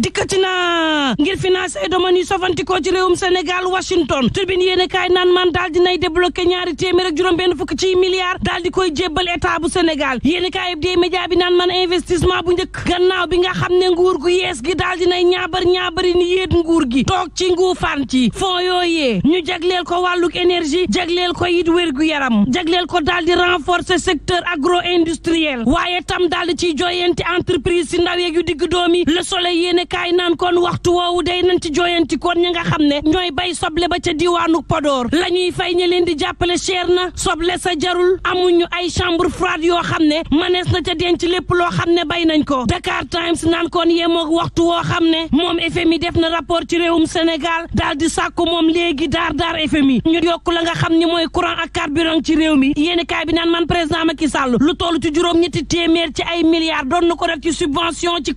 dikkati na ngir financé ay domaine yu sofantikoo ci réewum Sénégal Washington turbine yéen kaay naan man daal dinay débloqué ñaari téeméer ak juróom benn fukk ci milliards daal di koy jébbal état bu Sénégal yéen kaay bi dee média bi naan man investissement bu njëkk gannaaw bi nga xam ne nguur gu yees gi daal nay ñaabar ñaabari ni yéet nguur gi toog ci nguufaan ci fond yooyee ñu jagleel ko wàlluk énergie jagleel ko it wér gu yaram jagleel ko daal di renforcer secteur agro industriel waaye tam daal di ciy joyenti entreprise si ndaw yeeg yu digg doomi kaay naan kon waxtu woowu day nañ ci jooyanti kon ñi nga xam ne ñooy bay soble ba ca diwaanu podoor la ñuy fay ñi leen di jàppale cher na soble sa jarul amuñu ay chambre froide yoo xam ne manees na ca denc lépp loo xam ne bay nañ ko Dakar Times naan kon yemoog waxtu woo xam ne moom FMI def na rapport ci réewum Sénégal daal di sàkku moom léegi daar daar FMI ñu yokk la nga xam ne mooy courant ak carburant ci réew mi yéeni kaay bi naan man président Macky Sall lu toll ci juróom ñetti téeméer ci ay milliards doon na ko def ci subvention ci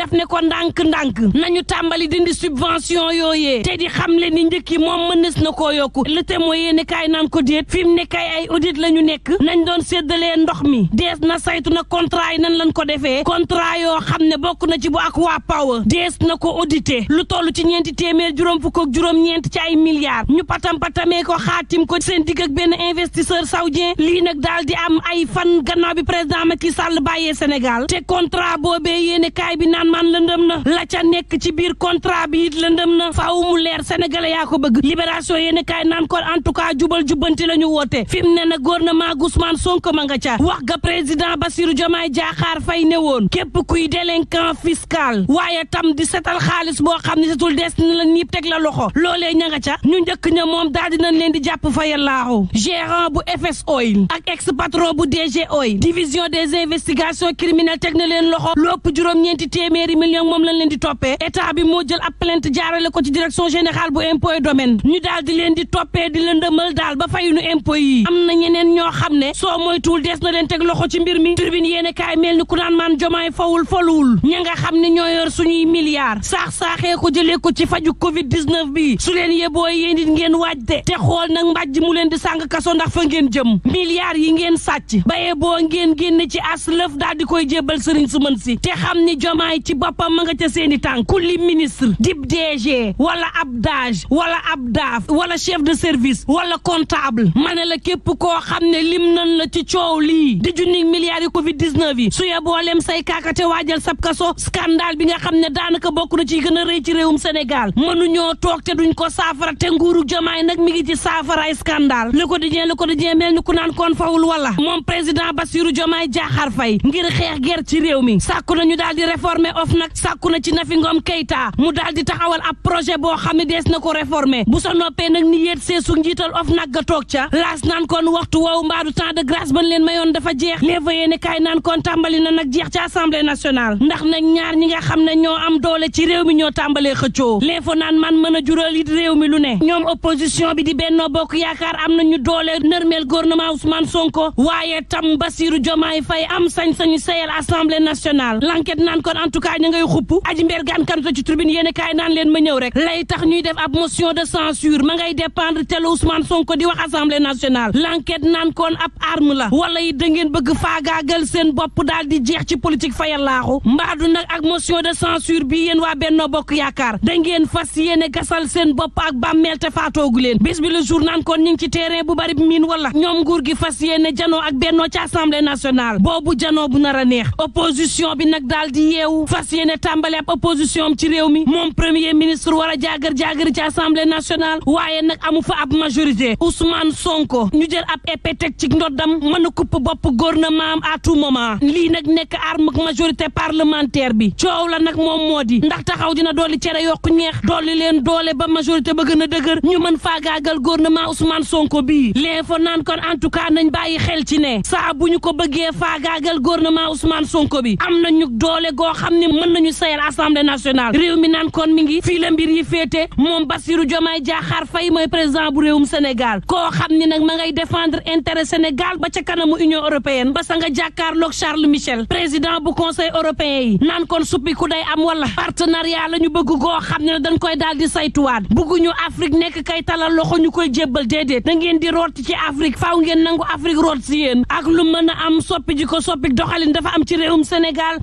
def ne ko ndànk-ndànk nañu tàmbali dindi subvention yooyee te di xam le ni njëkk yi moom mënees na ko yokku le te moo yéene kaay naan ko déet fi mu ne kay ay audit la ñu nekk nañ doon séddalee ndox mi dees na saytu na contrat yi nan lañ ko defee contrat yoo xam ne bokk na ci bu ak waa power dees na ko audité lu toll ci ñeenti téeméer juróom fukk ak juróom ñeenti ci ay milliards ñu patam patamee ko xaatim ko seen digg ak benn investisseur saoudien lii nag daal di am ay fan gannaaw bi président Macky Sall bàyyee Sénégal te contrat man lëndëm na la ca nekk ci biir contrat bi it lëndëm na faaw mu leer sénégalais yaa ko bëgg libération yéen kaay naan ko en tout cas jubal jubbanti la ñu woote fi mu ne na gouvernement Ousmane Sonko ma nga ca wax ga président Bassirou Diomaye Diakhar Faye ne woon képp kuy délinquant fiscal waaye tam di setal xaalis boo xam ne setul des na la niib teg la loxo loole ña nga ca ñu njëkk ña moom daal dinañ leen di jàpp fa yallaahu gérant bu FS Oil ak ex patron bu DG Oil division des investigations teg na leen loxo lopp juróom-ñeenti téeméer téeméeri million moom lañ leen di toppee état bi moo jël ab plainte jaarale ko ci direction générale bu impôt et domaine ñu daal di leen di toppee di lëndëmal daal ba fayuñu impôt yi am na ñeneen ñoo xam ne soo moytuwul dees na leen teg loxo ci mbir mi tribune yéene kaay mel ni ku naan maan jomaay fawul foluwul ña nga xam ne ñoo yor suñuy milliards saax-saaxee ko jëlee ko ci faju covid 19 bi su leen yeboo yéen it ngeen waaj de te xool nag mbàjj mu leen di sàng kaso ndax fa ngeen jëm milliards yi ngeen sàcc bayee boo ngeen génn ci as lëf di koy jébbal sëriñ su mën te ci boppam ma nga ca seen i tànk kulli ministre dib DG wala ab DAGE wala ab DAF wala chef de service wala comptable ma ne la képp koo xam ne lim nan la ci coow lii di junni milliards yi Covid 19 yi su yeboo lem say kaakate waajal sab kaso scandale bi nga xam ne daanaka bokk na ci gën a rëy ci réewum Sénégal mënuñoo toog te duñ ko saafara te nguuru jamaay nag mi ngi ci saafaraay scandale Le Quotidien Le Quotidien mel ni ku naan kon fawul wala moom président Bassirou Diomaye Diakhar Faye ngir xeex ger ci réew mi OFNAC sàkku na ci Nafi Ngom Keïta mu daal di taxawal ab projet boo xam ne dees na ko réformer bu sa noppee nag ni yéet seesu njiital OFNAC ga toog ca laas naan kon waxtu woowu mbaadu temps de grâce ban leen mayoon dafa jeex les voyé ne naan kon tàmbali na nag jeex ci assemblée nationale ndax na ñaar ñi nga xam ne ñoo am doole ci réew mi ñoo tàmbalee xëccoo l'info naan man mën a jural it réew mi lu ne ñoom opposition bi di Benno Bokk Yaakaar am nañu doole nërmeel gouvernement Ousmane Sonko waaye tam Bassirou Diomaye Faye am sañ-sañu sayal assemblée nationale l'enquête naan kon a ña ngay xupp aji mbergaan kanute ci tribune yéen kaay naan leen ma ñëw rek lay tax ñuy def ab motion de censure ma ngay dépendre telu Ousmane Sonko di wax assemblée nationale l'enquête naan koon ab arme la wala yi da ngeen bëgg faagaagal seen bopp daal di jeex ci politique fayal laaxu mbaadu nag ak motion de censure bi yéen waa Benno Bokk Yaakaar da ngeen fas yéene gasal seen bopp ak bàmmeel te faatoogu leen bis bi le jour naan ñu ngi ci terrain bu bari miin gi fas yéene janoo ak bennoo ci assemblée nationale boobu janoo bu nar a neex opposition bi nag daal fas yéene tàmbali ab opposition am ci réew mi moom premier ministre war a jaagar jaagari ci assemblée nationale waaye nag amu fa ab majorité Ousmane Sonko ñu jël ab épée teg ci ndoddam mën a kupp bopp gouvernement am à tout moment lii nag nekk arme ak majorité parlementaire bi coow la nag moom moo di ndax taxaw dina dolli cere yokk ñeex dolli leen doole ba majorité ba gën a dëgër ñu mën faagaagal gouvernement Ousmane Sonko bi bii l'info naan kon en tout cas nañ bàyyi xel ci ne saa bu ñu ko bëggee faagaagal gouvernement Ousmane Sonko bi am mën nañu sayal assemblée nationale réew mi naan kon mi ngi fii la mbir yi féete moom Bassirou Diomaye Diakhar Faye mooy président bu réew mu Sénégal koo xam ni nag ma ngay défendre intérêt Sénégal ba ca kanamu Union européenne ba sa nga jàkkaarloog Charles Michel président bu conseil européen yi naan kon suppi ku day am wala partenariat la ñu bëgg goo xam ne dañ koy daal di saytuwaat ñu Afrique nekk kay talal loxo ñu koy jébbal déedéet da ngeen di root ci Afrique faaw ngeen nangu Afrique root si ak lu mën a am ko soppi doxalin dafa am ci réewum Sénégal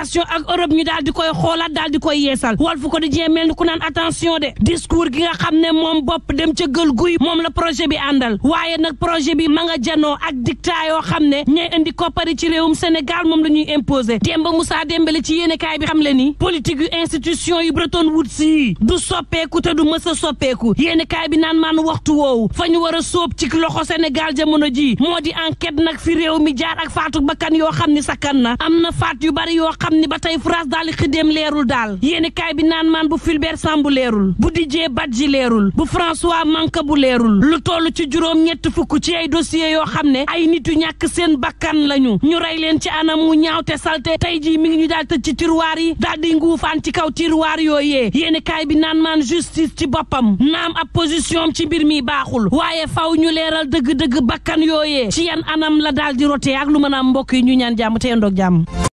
relation ak Europe ñu daal di koy xoolaat daal di koy yeesal Walf Quotidien mel ni ku naan attention de discours gi nga xam ne moom bopp dem ca gël guy moom la projet bi àndal waaye nag projet bi ma nga janoo ak dictat yoo xam ne ñooy indi koppari ci réewum senegal moom la ñuy imposer Demba Moussa Dembélé ci yéenekaay bi xam le ni politique yu institution yu Bretton Woods yi du soppeeku te du mës a soppeeku yéenekaay bi naan maan waxtu woowu fa ñu war a sóob ci loxo Sénégal jamono ji moo di enquête nag fi réew mi ak faatu bakkan yoo xam ni sakkan na am na yu bari yoo ni ba tey France daal di xiddeem leerul daal yéeni bi naan maan bu Fulbert Sambou leerul bu Didier Badji leerul bu François bu leerul lu toll ci juróom ñett fukk ci ay dossier yoo xam ne ay nit yu ñàkk seen bakkan lañu ñu rey leen ci anam wu ñaaw te salte tey jii mi ngi ñu daal te ci tiruwaar yi daal di nguufaan ci kaw tiroir yooyee yéeni kaay bi naan maan justice ci boppam naam a position ci mbir mi baaxul waaye faw ñu leeral dëgg-dëgg bakkan yooyee ci yan anam la daal di ak lu mën a mbokk yi ñu ñaan jàmm te yendoog jàmm